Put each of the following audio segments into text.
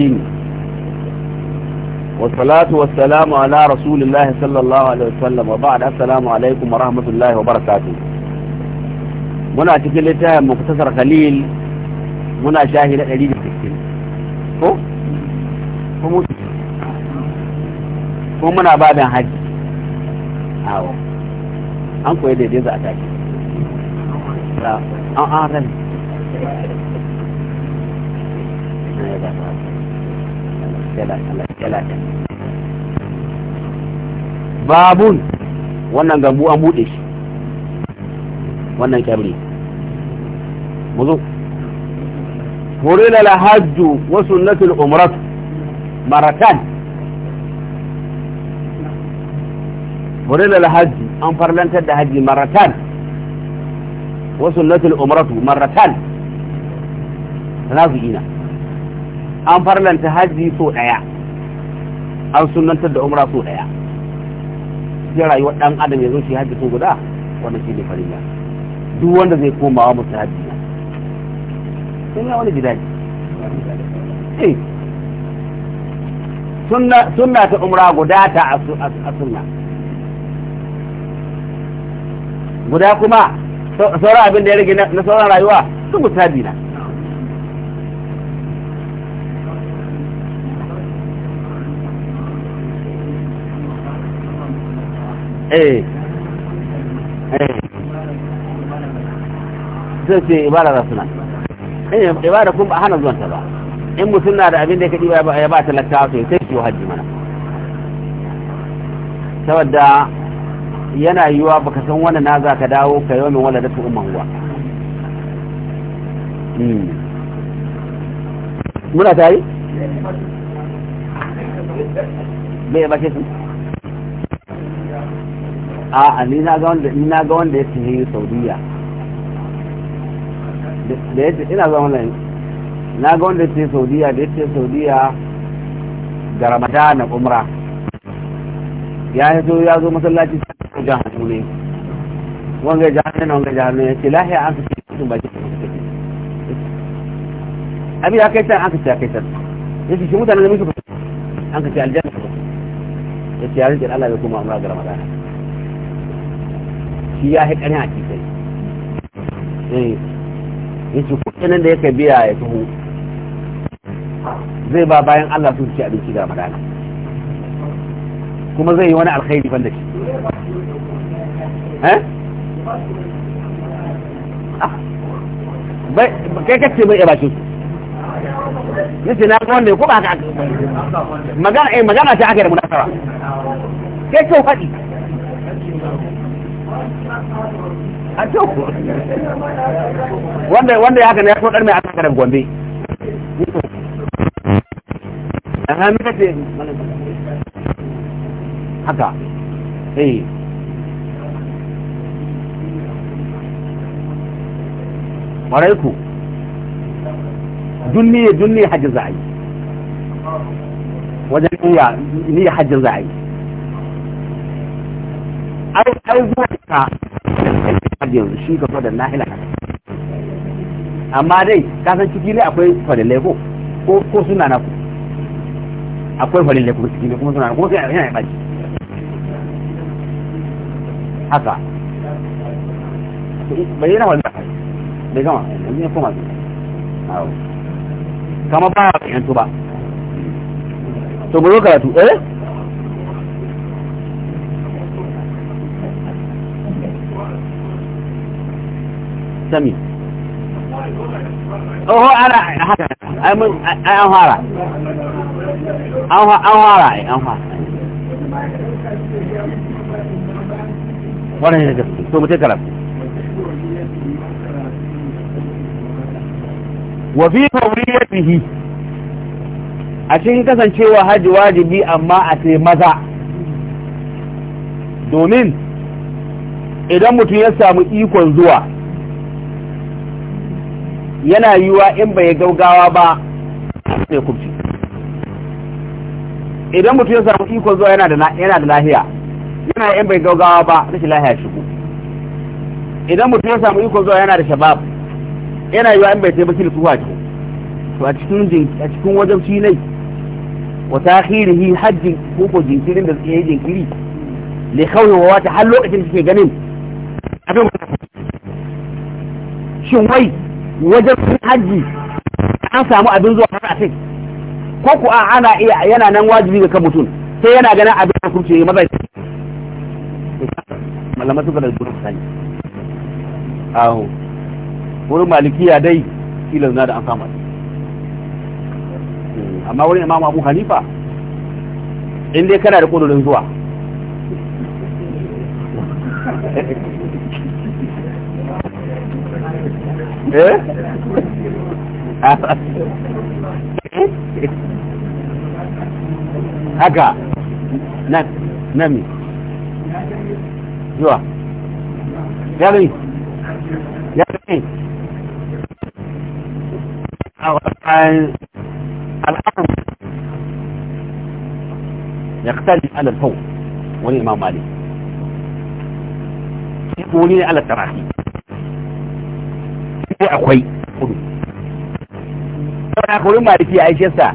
addini wasalatu wasalamu ala rasulillahi sallallahu alaihi wasallam wa ba'd assalamu alaikum wa rahmatullahi wa barakatuh muna cikin littafin muktasar khalil muna shahida 160 ko ko muna babin a talatin babun wannan gambu an buɗe shi wannan kyamri. mu zo hurila alhajju wa sunnatul umrat maratan hurila alhajju an farlantar da haji maratan wa maratan an farlanta hajji so ɗaya an sunantar da umra so ɗaya cikin rayuwar ɗan adam ya zo shi hajji so guda wanda shi ne farilla duk wanda zai komawa musu hajji na sun ya wani gidaje eh. sunna ta umra guda ta a sunna guda kuma sauran abin da ya rage na sauran rayuwa su hajji na Eh. eh zai ce ibada za suna in eh, ibada ba hana zuwanta ba in mutum na da abin da ya kaɗi ya ba talakawa to sai shi hajji mana saboda yana yiwa baka san wani na za ka dawo ka yi wani wala da su umman ba hmm. muna tari bai bashe su a'a ni na ga wanda ni na ga wanda ya tafi Saudiya da yace ina ga wannan na ga wanda ya tafi Saudiya da yace Saudiya da Ramadana umra ya yi ya zo masallaci sai ga hannu ne wanga ja ne wanga ja ne yace lahiya an ka ce ba ki abi ya kai can an ka ce kai tan yace shi mutanen da muke an ka ce aljanna yace ya rike Allah ya kuma umra ga Ramadana shi ya haƙa ne a cikin eh, ya ce kuɗinan da yake biya ya tuhu zai ba bayan Allah sun ci abinci da ramadana kuma zai yi wani alkhairi ban da shi eh? ah, kai kacce mai yaba su nace na ga wanda ko ba haka magana eh magana ta ake da munasara kai kyau faɗi a to wanda wanda ya haka ne ya tsotsar a kan karan gombe a hannun kace haka eh marai ku dunni dunni hajji za a yi wajen niyya hajji za'ayi a yi ai zuwa ta yanzu shi ga fadar nahila amma dai kasan ciki ne akwai fadilai ko suna na ku akwai fadilai ciki ne kuma suna na ku sai yana yi baki haka bai yana wani bai gama yanzu ya koma su kama ba yanzu ba to bari karatu eh sami oho ana haka an fara an fara an fara ne gaske to a cikin kasancewa hajji wajibi amma a ce maza domin idan mutum ya samu ikon zuwa yana yiwa in bai gaugawa ba ne kubci idan mutum ya samu iko zuwa yana da lahiya yana in bai gaugawa ba rashin lahiya shigo idan mutum ya samu iko zuwa yana da shabab yana yiwa in bai taimaki da tsuwa ce to a cikin a cikin wajen shi ne wa takhirihi hajjin ko ko jinkirin da yake jinkiri li khawli wa wata hal lokacin da kike ganin abin shin wai wajen hajji an samu abin zuwa har asin ko ku ana iya yana nan wajibi ga kan mutum sai yana ganin abin da kuke ya maza malama suka da gurin sani aho wurin malikiya dai kila na da an samu amma wurin imamu abu hanifa in dai kana da kudurin zuwa eh haka nami zuwa yari yari a wasan al'amur ya ƙasari alalfau wani imam wani ne alatarahi akwai kudu saboda haka wurin ma rufi aishe sa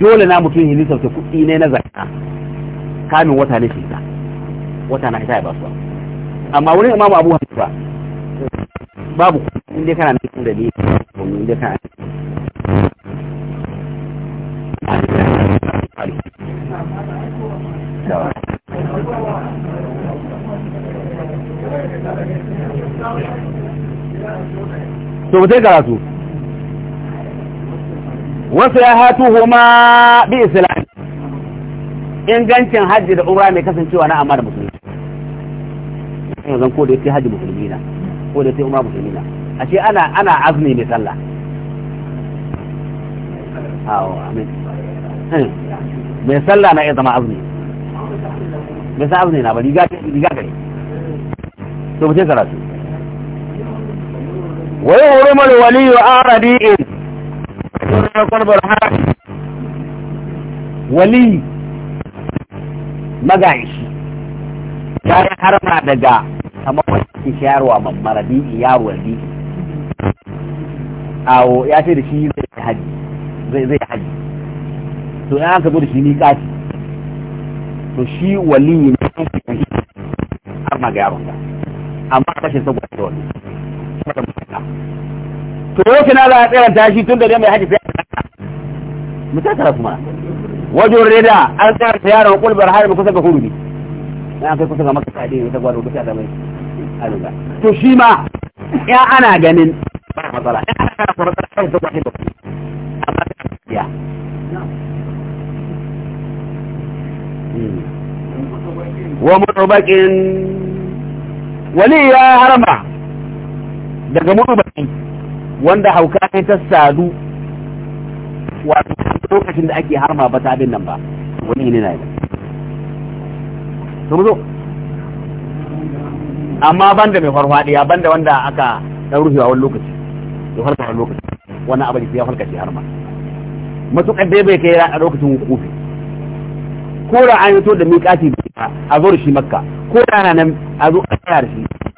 dole na mutum yi ta kuɗi ne na zaka kamin wata na shekara wata na ya ba su amma wurin imamu abu ba babu inda kana nufin da ne inda kana nufin to mu karatu wasu ya hatu homa bi islam ingancin hajji da umra mai kasancewa na amma da musulmi yanzu ko da yake hajji musulmi na ko da yake umra musulmi na a ana ana azumi mai sallah awo amin eh, mai sallah na iya zama azumi mai sa azumi na ba riga gare to mu karatu wai hurumar waliyu a aradi'in wali magayishi ya yi harma daga kamar wasu shayarwa mamara bi'i yaro bi'i awo ya ce da shi zai haji zai to ya ka zo da shi ni kaci to shi wali ne a ma ga yaron da amma kashin saboda wani to yau na za a tsiranta shi tun da dai mai haji sai mutakara kuma wajen reda an tsiranta yaron kulbar harbi kusa ga hurumi na kai kusa ga maka kaɗe wata gwada wata da mai aluga to shi ma ya ana ganin ba matsala ya ana kana kuma matsala kai ta gwada da kuma amma ta ya wa mutabakin wali ya harama daga murbaci wanda hauka ne ta sadu wato lokacin da ake harma ba ta abin nan ba wani ne na yi sun zo amma banda mai farfadiya banda wanda aka ɗan rufewa wani lokaci ya farka wani lokaci wani abin ya farka shi harma matukar dai bai kai a lokacin hukufi ko da an yi to da miƙati a zo da shi makka ko da nan a zo a tsaya da shi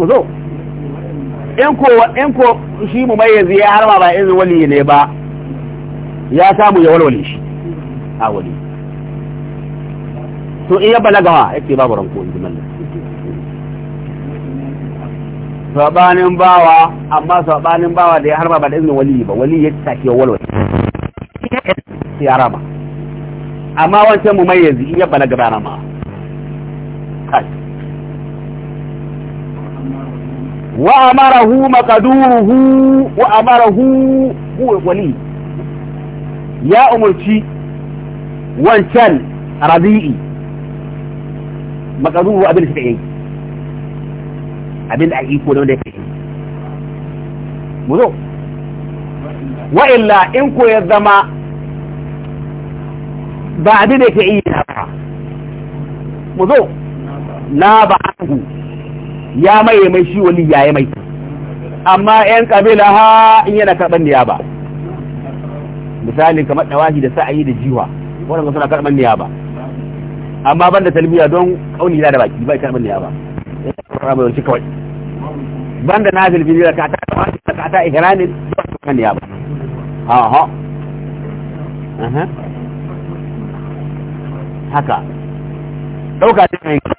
ku zo in ko in ko shi mu mai yanzu ya harba ba izin wali ne ba ya samu ya walwale shi a wali to in ya balagawa yake babu ranko in jimal sabanin bawa amma sabanin bawa da ya harba ba da izinin wali ba wali ya take ya walwale ya rama amma wancan mu mai yanzu in ya balaga ba wa amarahu maqaduruhu wa amarahu huwa wali ya umurci wancan rabi'i maqaduruhu abin da yake abin da ake ko da wanda yake mu zo wa illa in ko ya zama ba abin da yake yi ba mu zo na ba ya maye mai shi wali ya yi mai amma yan kabila ha in yana karban niyaba misali kamar dawahi da sa'ayi da jiwa wannan suna karban niyaba amma ban da talbiya don kauni da baki bai karban niyaba ya mai kawai ban da nazil bi da kata da kata ihranin ba kan niyaba ha ha aha haka dauka da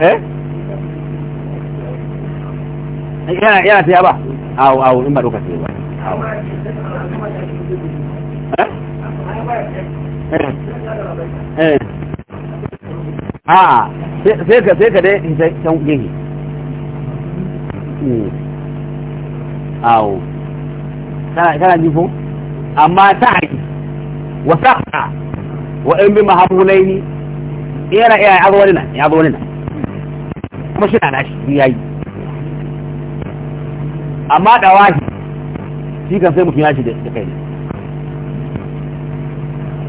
eh yana ta yaba awo awo in ba doka ce ba awo eh, eh. eh. a ah, sai ka sai ka dai can gehe hmm. awo kana jifo amma ta haƙi wa sa'a wa in bi mahabulaini yana iya ya zo wani nan ya zo wani nan kuma shi na shi ya yi amma da wahi shi kan sai mutum ya shi da kai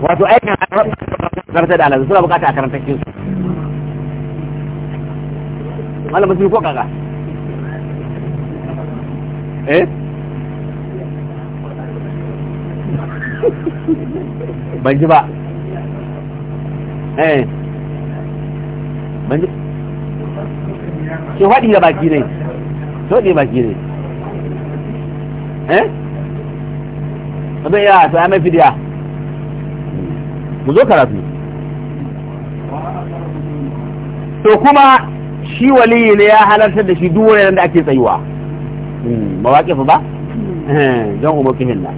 wato aikin karanta da alazu suna bukata a karantar su malamin su ko kaka eh ban ji ba eh ban ji ke faɗi da baki ne to baki ne eh abin ya ta mai fidiya mu zo karatu to kuma shi waliyi ne ya halartar da shi duk wuraren da ake tsayuwa fa hmm, ba eh, don umarkihin na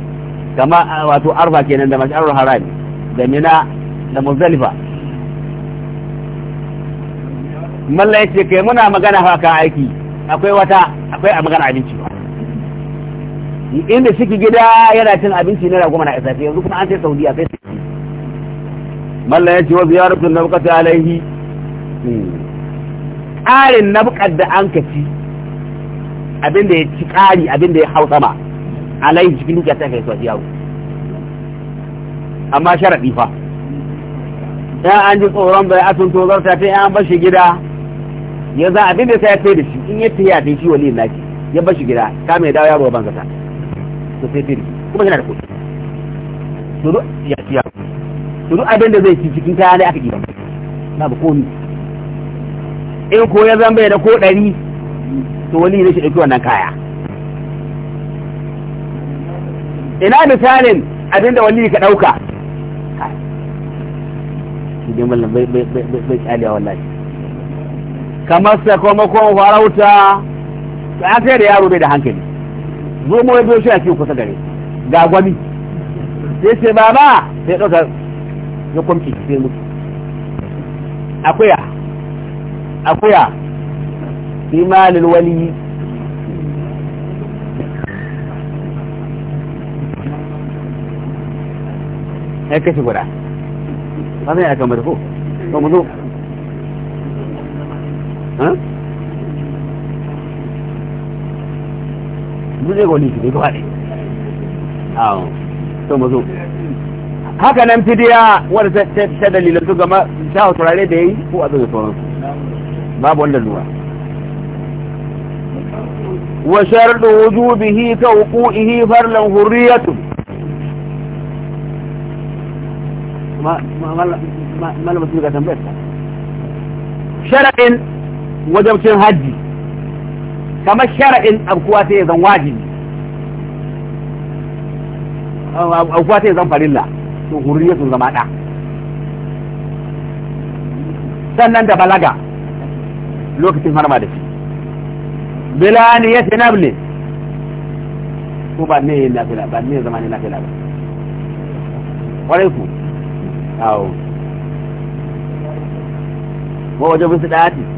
kama wato arba kenan da mashi arfa harami da mina da muzalifa malla ya ce kai muna magana fa ka aiki akwai wata akwai a magana abinci inda shi gida yana cin abinci na goma mana isafi yanzu kuma an sai a sai malla ya ce wa ziyaratun nabqata alaihi ƙarin nabqat da an kaci abinda ya ci ƙari abinda ya hau sama alaihi cikin dukiya ta kai saudiya amma sharadi fa ya an ji tsoron bai asunto zarta ta yan bashi gida Yanzu abin da sai ya tayi da shi in ya ya fi shi waliyin laki ya bar shi gida ka mai dawo yaro ban kasa to sai shi kuma yana da kuɗi to duk ya tiya to duk abin da zai fi cikin kaya ne aka gida ba komi in ko ya zan bai da ko ɗari to wani ne shi ɗauki wannan kaya ina misalin abin da wali ka ɗauka shi dai mallam bai bai tsaliya wallahi kamar sakamakon farauta to an sai da yaro bai da hankali zo mu yabo shi a cikin kusa gare ga gwami sai ce baba sai ɗauka ya kwamci sai mutu akuya ya kashe ya ko duk zai goli shi ne haka nan fidiya wadda ta dalilin su gama ta turare da ya yi ko a zai sauran babu wanda zuwa wa sharɗu wujubihi ka farlan hurriyatu ma ma ma ma ma ma ma ma ma wajabcin hajji kamar shara'in abkuwa sai ya zan wajibi abkuwa sai ya zan farilla to hurriya sun zama ɗa sannan da balaga lokacin harma da shi bilani ya tinable ko ba ne ya ba ne zama ne na fila ba kwarai ku awo ko wajen bisu ɗaya